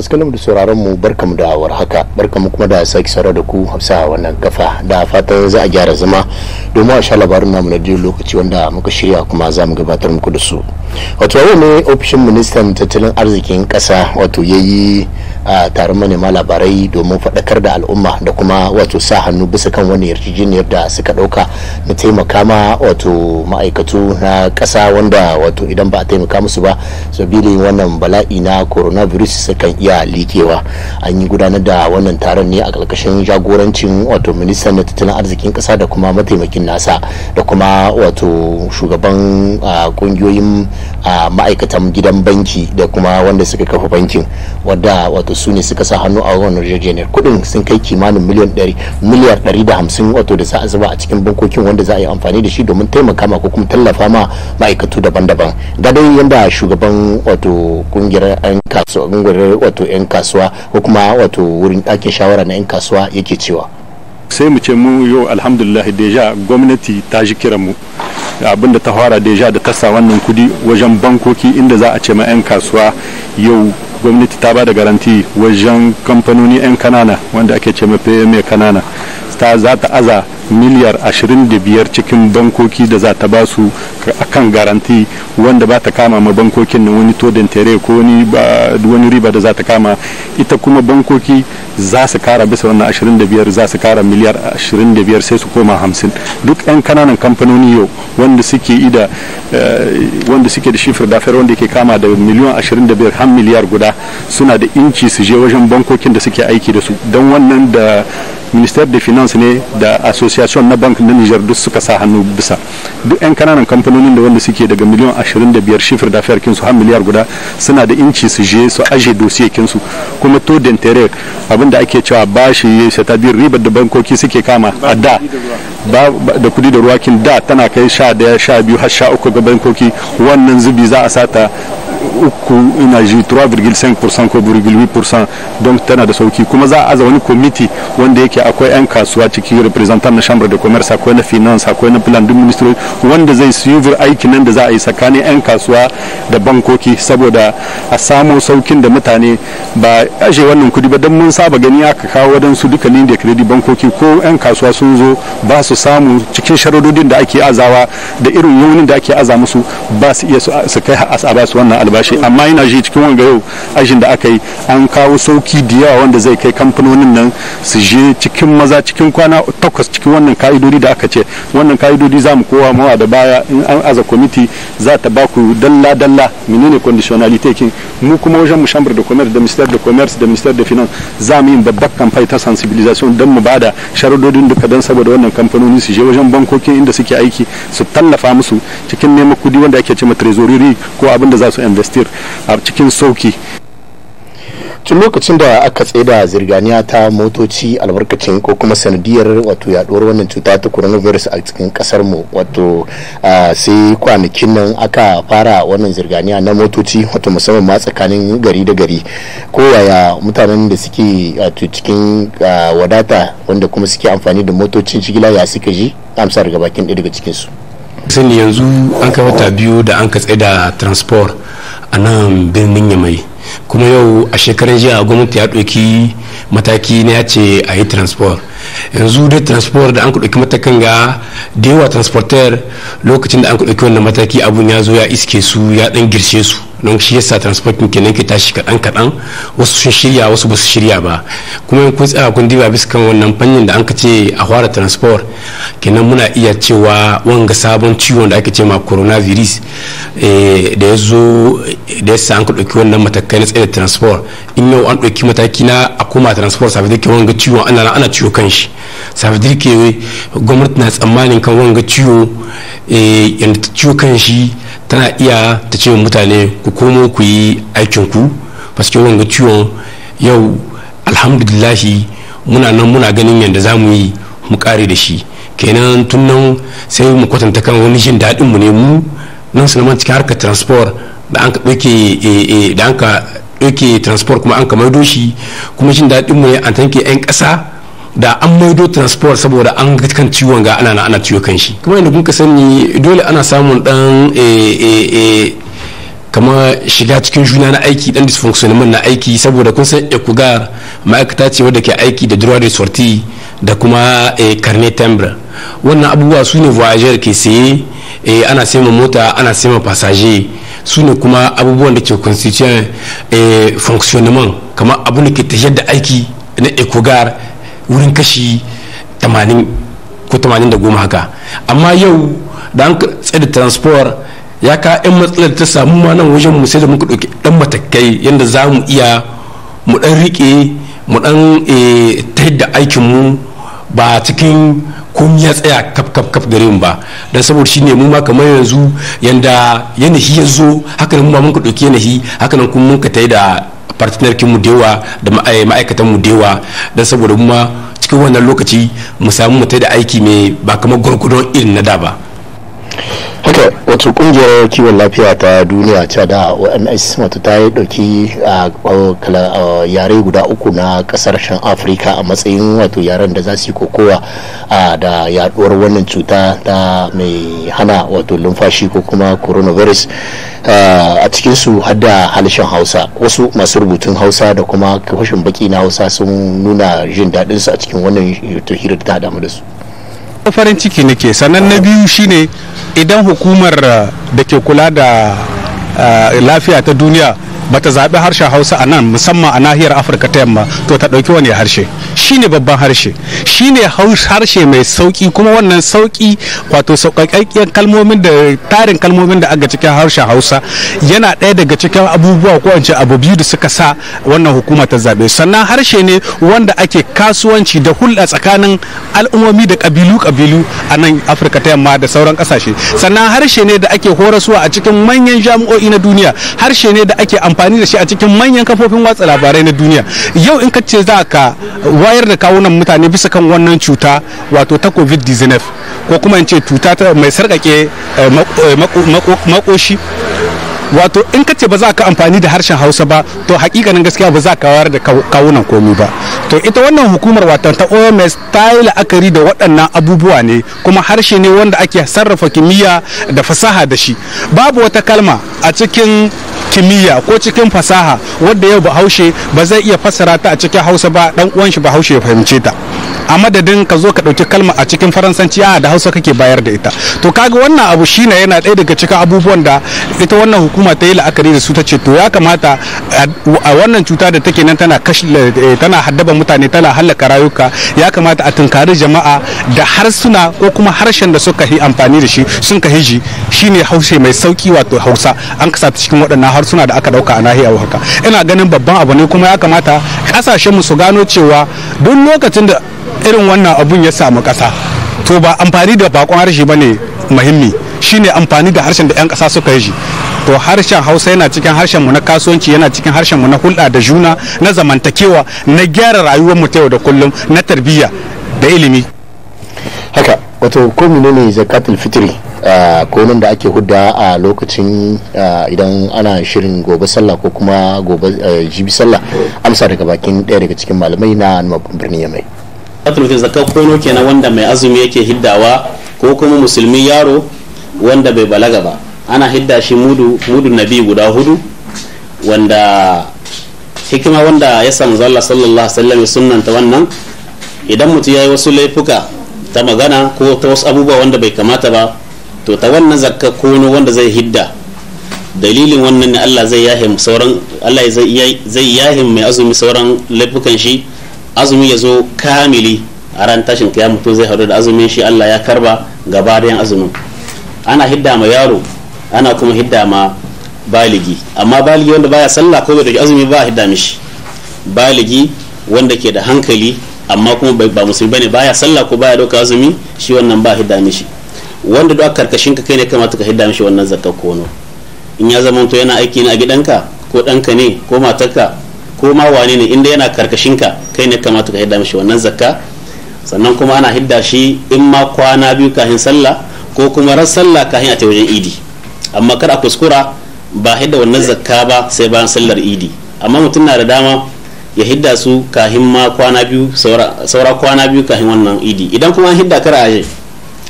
masu kallon da sauraron mu barka mu da war haka mu kuma da sake saurara da ku hausa wannan kafa da fatan za a gyara zama domin a sha labarin namu na dai lokaci wanda muka shirya kuma za mu gabatar muku da su wato yau ne ofishin ministan tattalin arzikin kasa wato ya yi taron manema labarai domin faɗakar da al'umma da kuma wato sa hannu bisa kan wani yarjejeniyar da suka ɗauka na taimaka ma wato ma'aikatu na ƙasa wanda wato idan ba a taimaka musu ba sabili wannan bala'i na coronavirus su kan iya likewa an yi gudanar da wannan taron ne a ƙarƙashin jagorancin wato ministan tattalin arzikin ƙasa da kuma mataimakin aikin nasa da kuma wato shugaban kungiyoyin ma'aikatan gidan banki da kuma wanda suka kafa bankin wadda wato su ne suka sa hannu a wannan yarjejeniyar kudin sun kai kimanin miliyan ɗari miliyar da hamsin wato da za a zuba a cikin bankokin wanda za a yi amfani da shi domin taimaka ma ko kuma tallafa ma ma'aikatu daban-daban da dai yanda shugaban wato kungiyar 'yan kasuwa wato 'yan kasuwa ko kuma wato wurin ɗakin shawara na 'yan kasuwa yake cewa sai mu ce mu yau alhamdulillah deja gwamnati ta ji kiran mu da ta fara deja da ta sa wannan kudi wajen bankoki inda za a ce ma 'yan kasuwa yau gwamnati ta ba da garanti wajen kamfanoni 'yan kanana wanda ake ce ma pma kanana ta za ta aza miliyar 25 cikin bankoki da za ta ba su akan garanti wanda ba ta kama ma bankokin na wani todin tere ko wani riba da za ta kama ita kuma bankoki za su kara bisa wannan 25 za su kara miliyar 25 sai su koma 50 duk 'yan kananan kamfanoni yau wanda suke ida eh, wanda suke da shifir dafiyar wanda yake kama da miliyan 25 har miliyar guda suna da inci su je wajen bankokin da suke aiki da su don wannan da ministère da finance ne da association na banque na niger duk suka sa hannu bisa duk 'yan kananan kamfanonin da wanda suke daga miliyan 25 chiffre d'affaires fiyar kinsu har miliyar guda suna da inci su je su aje dosiye kinsu kuma to d'intérêt abinda ake cewa bashi ya shata biyu ribar da bankoki suke kama a da da kudi da kin da tana kai sha daya sha biyu har sha uku ga bankoki wannan zubi za a sata uku ina 3,5% ko don tana da sauki kuma za a wani kwamiti wanda yake akwai 'yan kasuwa ciki representant na chambre de commerce akwai na finance akwai na plan du ministry wanda zai suyuvir aikin nan da za a yi tsakanin 'yan kasuwa da bankoki saboda a samu saukin da mutane ba ashe wannan kudi ba don mun saba gani aka kawo wadansu dukkanin da credit bankoki ko 'yan kasuwa sun zo ba su samu cikin sharadodin da ake azawa da irin yaunin da ake aza musu ba su iya su kai a ba su wannan albashi shi amma yana ji cikin wanga yau ajin da aka yi an kawo sauki da yawa wanda zai kai kamfanonin nan su je cikin maza cikin kwana takwas cikin wannan ka'idodi da aka ce wannan ka'idodi za mu kowa mawa da baya in an aza kwamiti za ta ba ku dalla dalla menene conditionality kin mu kuma wajen mu chambre de commerce da minister de commerce da minister de finance za mu yi babbar kamfai ta sensibilisation don mu bada sharadodin duka don saboda wannan kamfanoni su je wajen bankokin inda suke aiki su tallafa musu cikin neman kudi wanda ake ce ma ko abin da za su invest tafsir a cikin sauki tun lokacin da aka tsaida zirganiya ta motoci albarkacin ko kuma sanadiyar wato yaduwar wannan cuta ta coronavirus a cikin kasar mu wato sai kwanakin nan aka fara wannan zirganiya na motoci wato musamman ma tsakanin gari da gari ko yaya mutanen da suke wato cikin wadata wanda kuma suke amfani da motocin jigila ya suka ji amsar gabakin ɗaya daga cikinsu. sani yanzu an kafa wata biyu da an ka tsaida transport a nan birnin yamai kuma yau a shekarar jiya gwamnati ya ɗauki mataki na ya ce a yi transport yanzu dai transport da an ɗauki matakan ga da yawa transporter lokacin da an ɗauki wannan mataki abun ya zo ya iske su ya ɗan girshe su don shi yasa transport din kenan ke tashi kaɗan kaɗan wasu sun shirya wasu ba su shirya ba kuma in kun tsaya kun diba bisa kan wannan fannin da anka ce a fara transport kenan muna iya cewa wanga sabon ciwon da ake ce ma coronavirus eh, da ya zo da yasa an ka ɗauki wannan matakai na tsaye da transport in yau an ɗauki mataki na a koma transport safi ke wanga ciwon ana ana ciwo kan shi safi ke gwamnati na tsammanin kan wanga ciwo eh, yadda ciwo kan shi tana iya ta ce mutane ku komo ku yi aikin ku paske wanga ciwon yau alhamdulillahi muna nan muna ganin yadda za mu yi mu kare da shi kenan tun nan sai mu kwatanta kan wani jin daɗin mu ne mu nan sinaman cikin harkar transport da an ka ɗauke eh, eh, da an ka ɗauke transport kuma an ka maido shi kuma jin daɗin mu ne an tanke 'yan ƙasa da an maido transport saboda an kan ciwon ga ana ana ciwo kan shi kuma yadda kuka sani dole ana samun dan eh, eh, eh, kama shiga cikin juna na aiki dan dysfunctionment na aiki saboda kun san ekugar ma'aikata ce wadda ke aiki da droit de sortie da kuma carnet timbre wannan abubuwa su ne voyageur ke saye ana ma mota ana ma passager su ne kuma abubuwan da ke constituent fonctionnement kamar abun da ke tafiyar da aiki na ecogar wurin kashi 80 ko 80 haka amma yau da an tsaye da transport ya ka 'yan matsalar ta samu ma nan wajen mu sai da muka ɗauki ɗan matakai yadda za mu iya mu ɗan riƙe mu ɗan eh, ta yadda aikinmu ba cikin kun ya tsaya kaf kaf kaf gare mu ba dan saboda shine mu ma kamar yanzu yanda yanahi ya zo haka nan mu ma mun ɗauki yanayi haka nan kuma mun ka da partner mu da yawa da eh, ma'aikatan mu da yawa don saboda mu cikin wannan lokaci mu samu mutai da aiki mai ba kamar gurgudon irin na da ba haka wato kungiyar kiwon lafiya ta duniya ta da oms wato ta yi dauki yare guda uku na kasashen afirka a matsayin wato yaren da za su yi kokowa da yaduwar wannan cuta ta mai hana wato lumfashi ko kuma coronavirus a cikinsu hada halishin hausa wasu masu rubutun hausa da kuma kashin baki na hausa sun nuna jin daɗinsu a cikin wannan hira da ta damu da su farin ciki nake sannan na biyu shine idan hukumar eh, da ke kula da eh, lafiya ta duniya bata zaɓi harshen hausa a nan musamman a nahiyar afirka ta yamma to ta ɗauki wani harshe shine babban harshe shine harshe mai sauki kuma wannan sauki wato sauƙaƙƙen kalmomin da tarin kalmomin da aka cikin harshen hausa yana ɗaya daga cikin abubuwa ko ce abu biyu da suka sa wannan hukuma ta zaɓe sannan harshe ne wanda ake kasuwanci da hulɗa tsakanin al'ummomi da ƙabilu-ƙabilu a nan afirka ta yamma da sauran ƙasashe sannan harshe ne da ake horaswa a cikin manyan jami'o'i na duniya harshe ne da ake amfani da shi a cikin manyan kafofin watsa labarai na duniya yau in ka ce za ka wayar wayar da kawunan mutane bisa kan wannan cuta wato ta covid-19 ko kuma in ce cuta mai sarkake eh, makoshi eh, wato in ka ce ba za ka amfani da harshen hausa ba to hakikanin gaskiya ba za ka wayar da kawunan komi ba to ita wannan hukumar wato ta oms ta yi la'akari da waɗannan abubuwa ne kuma harshe ne wanda ake sarrafa kimiyya da fasaha da shi babu wata kalma a cikin kimiyya ko cikin fasaha wadda yau bahaushe ba zai iya fassara ta a cikin hausa ba dan uwan shi bahaushe ya fahimce ta a madadin ka zo ka ɗauki kalma a cikin faransanci a da hausa kake bayar da ita to kaga wannan abu shine yana ɗaya daga cikin abubuwan da ita wannan hukuma ta yi la'akari da su ta ce to ya kamata a wannan cuta da take nan tana eh, tana haddaba mutane tana halaka rayuka ya kamata a tunkari jama'a da harsuna ko kuma harshen da suka yi amfani da shi sun ka hiji shine hausa mai sauki wato hausa an kasa cikin waɗannan harsuna da aka ɗauka a nahiyar haka ina ganin babban abu ne kuma ya kamata kasashen mu su gano cewa duk lokacin da irin wannan abun ya samu kasa to ba amfani da bakon harshe ba ne muhimmi shine amfani da harshen da 'yan kasa suka yi to harshen hausa yana cikin harshen mu na kasuwanci yana cikin harshen mu na hulɗa da juna na zamantakewa na gyara rayuwar mu ta yau da kullum na tarbiyya da ilimi haka wato ko menene zakatul fitri ko nan da ake hudda a lokacin idan ana shirin gobe sallah ko kuma gobe eh, jibi sallah amsa daga bakin daya daga cikin malamai na birnin yamai zakatul fitr kono kenan wanda mai azumi yake hiddawa ko kuma musulmi yaro wanda bai balaga ba ana hidda shi mudu mudu nabi guda hudu wanda hikima wanda ya san zalla sallallahu alaihi wasallam ya ta wannan idan mutum yayi wasu laifuka ta magana ko ta wasu abubuwa wanda bai kamata ba to ta wannan zakka kono wanda zai hidda dalilin wannan ne Allah zai yahim sauran Allah zai yahim mai azumi sauran laifukan shi azumi ya zo kamili a ran tashin kiyama to zai haɗu da azumin shi Allah ya karba gaba da azumin ana hidda ma yaro ana kuma hidda ma baligi amma baligi wanda baya sallah ko bai dauki azumi ba a hidda mishi baligi wanda ke da hankali amma kuma ba musulmi bane baya sallah ko baya dauka azumi shi wannan ba hidda mishi wanda duk karkashin ka kai ne kamata ka hidda mishi wannan zakka kono in ya zama to yana aiki ne a gidanka ko danka ne ko matarka ko ma wane ne inda yana karkashin ka kai ne kamata ka hidda mishi wannan zakka sannan kuma ana hidda shi in ma kwana biyu kahin sallah ko kuma ran sallah kahin a ta wajen idi amma kar a kuskura ba hidda wannan zakka ba sai bayan sallar idi amma mutum na da dama ya hidda su kahin ma kwana biyu saura kwana biyu kahin wannan idi idan kuma an hidda kar a aje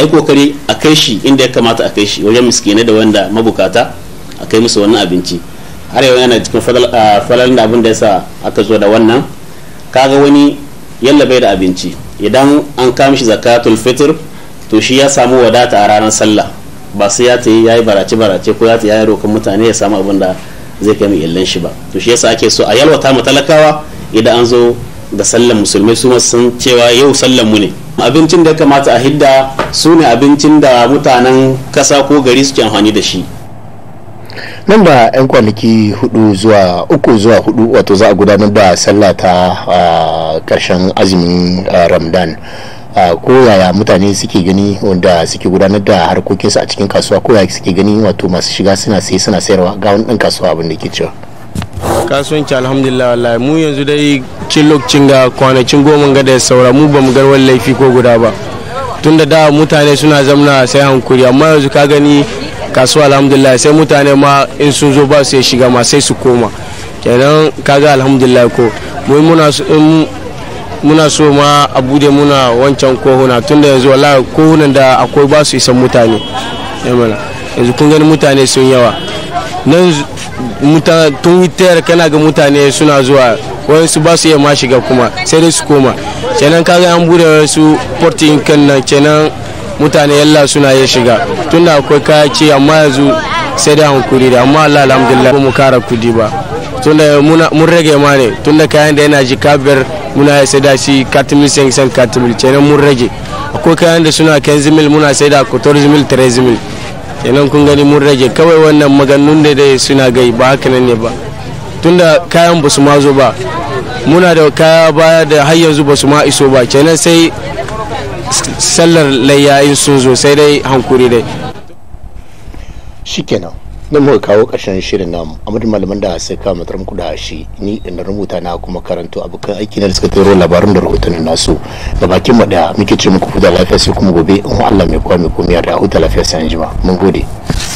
ai kokari a kai shi inda ya kamata a kai shi wajen miskinai da wanda mabukata a kai musu wannan abinci har yau yana cikin ah, falalin da abin da yasa aka zo da wannan kaga wani yalla bai da abinci idan an kama shi zakatul fitr to shi ya samu wadata a ranar sallah ba sai ya tayi yayi barace barace ko ya tayi roƙon mutane ya samu abin da zai kai illan shi ba to shi yasa ake so a yalwata mu talakawa idan an zo da sallan musulmai su sun cewa yau sallan mu ne abincin da ya kamata a hidda su ne abincin da mutanen kasa ko gari suke amfani da shi nan da 'yan kwanaki hudu zuwa uku zuwa hudu wato za a gudanar da sallah ta karshen azumin ramadan ko yaya mutane suke gani wanda suke gudanar da harkokinsu a cikin kasuwa ko yaya suke gani wato masu shiga suna sai suna sayarwa ga wani dan kasuwa abin da ke cewa kasuwanci alhamdulillah wallahi mu yanzu dai cin lokacin ga kwanacin goma ga da saura mu bamu gar wani laifi ko guda ba tunda da mutane suna zamna sai hankuri amma yanzu ka gani kasuwa alhamdulillah sai mutane ma in sun zo ba su shiga ma sai su koma kenan kaga alhamdulillah ko mu muna muna so ma a bude muna wancan kohuna tunda yanzu wala kohunan da akwai ba su isan mutane yanzu kun gani mutane sun yawa nan tun witayar kana ga mutane suna zuwa wayansu ba su iya ma shiga kuma sai dai su koma kenan kaga an bude wasu portin kan nan kenan mutane yalla suna ya shiga tunda akwai ce amma yanzu sai da hankuri da amma Allah alhamdulillah ba mu kara kudi ba tunda mun rage ma ne tunda kayan da yana ji biyar muna ya sai da shi sen katimil kenan mun rage akwai kayan da suna 15 mil muna sai da 14 mil 13 mil kenan kun gani mun rage kawai wannan maganun da dai suna gai ba haka nan ne ba tunda kayan ba su ma zo ba muna da kaya baya da har yanzu ba su ma iso ba kenan sai sallar layya in sun zo sai dai hankuri dai kenan nan muka kawo ƙarshen shirin namu a malaman da sai kama matarar kuda shi ni da rubuta na kuma karanto abokan aiki na da suka tsoro labarin da rahotannin nasu da bakin mu muke ce muku kuda lafiya sai kuma gobe in Allah mai kowa mai komai da huta lafiya sai an jima mun gode